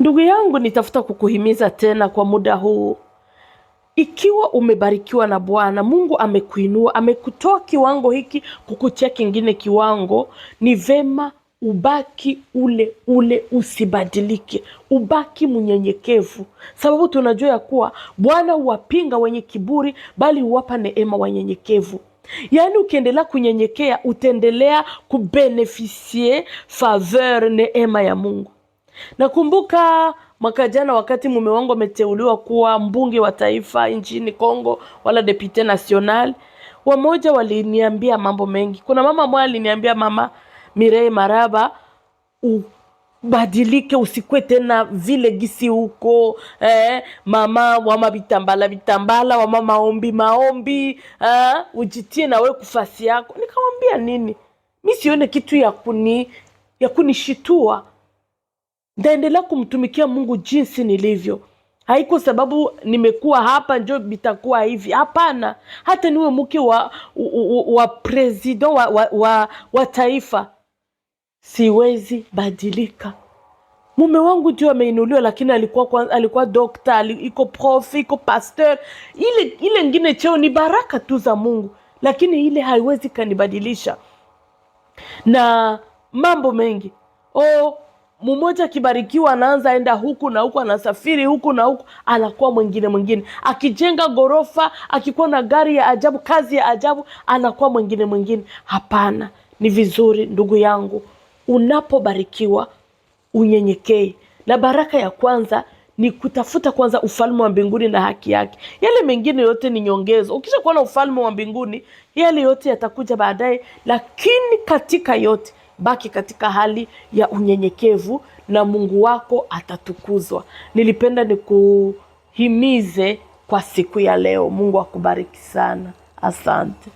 Ndugu yangu, nitafuta kukuhimiza tena kwa muda huu. Ikiwa umebarikiwa na Bwana Mungu, amekuinua amekutoa kiwango hiki kukutia kingine kiwango, ni vema ubaki ule ule, usibadilike, ubaki mnyenyekevu, sababu tunajua ya kuwa Bwana huwapinga wenye kiburi, bali huwapa neema wanyenyekevu. Yaani, ukiendelea kunyenyekea utaendelea kubenefisie faveur, neema ya Mungu. Nakumbuka mwaka jana wakati mume wangu ameteuliwa kuwa mbunge wa taifa nchini Kongo, wala depute national, wamoja waliniambia mambo mengi. Kuna mama mmoja aliniambia, mama Mirei Maraba, ubadilike, usikwe tena vile gisi huko eh, mama wama vitambala vitambala, wama maombi maombi eh, ujitie na we kufasi yako. Nikamwambia nini, mi sione kitu ya kuni ya kunishitua ntaendelea kumtumikia Mungu jinsi nilivyo. Haiko sababu nimekuwa hapa njo bitakuwa hivi, hapana. Hata niwe mke wa wa president wa, wa, wa, wa taifa siwezi badilika. Mume wangu ndio ameinuliwa, lakini alikuwa alikuwa dokta, iko prof, iko pasteur. Ile ile ngine cheo ni baraka tu za Mungu, lakini ile haiwezi kanibadilisha na mambo mengi oh mmoja akibarikiwa anaanza enda huku na huku, anasafiri huku na huku, anakuwa mwingine mwingine, akijenga ghorofa, akikuwa na gari ya ajabu, kazi ya ajabu, anakuwa mwingine mwingine. Hapana, ni vizuri ndugu yangu, unapobarikiwa unyenyekee, na baraka ya kwanza ni kutafuta kwanza ufalme wa mbinguni na haki yake. Yale mengine yote ni nyongezo. Ukisha kuwa na ufalme wa mbinguni, yale yote yatakuja baadaye, lakini katika yote baki katika hali ya unyenyekevu na Mungu wako atatukuzwa. Nilipenda nikuhimize kwa siku ya leo. Mungu akubariki sana, asante.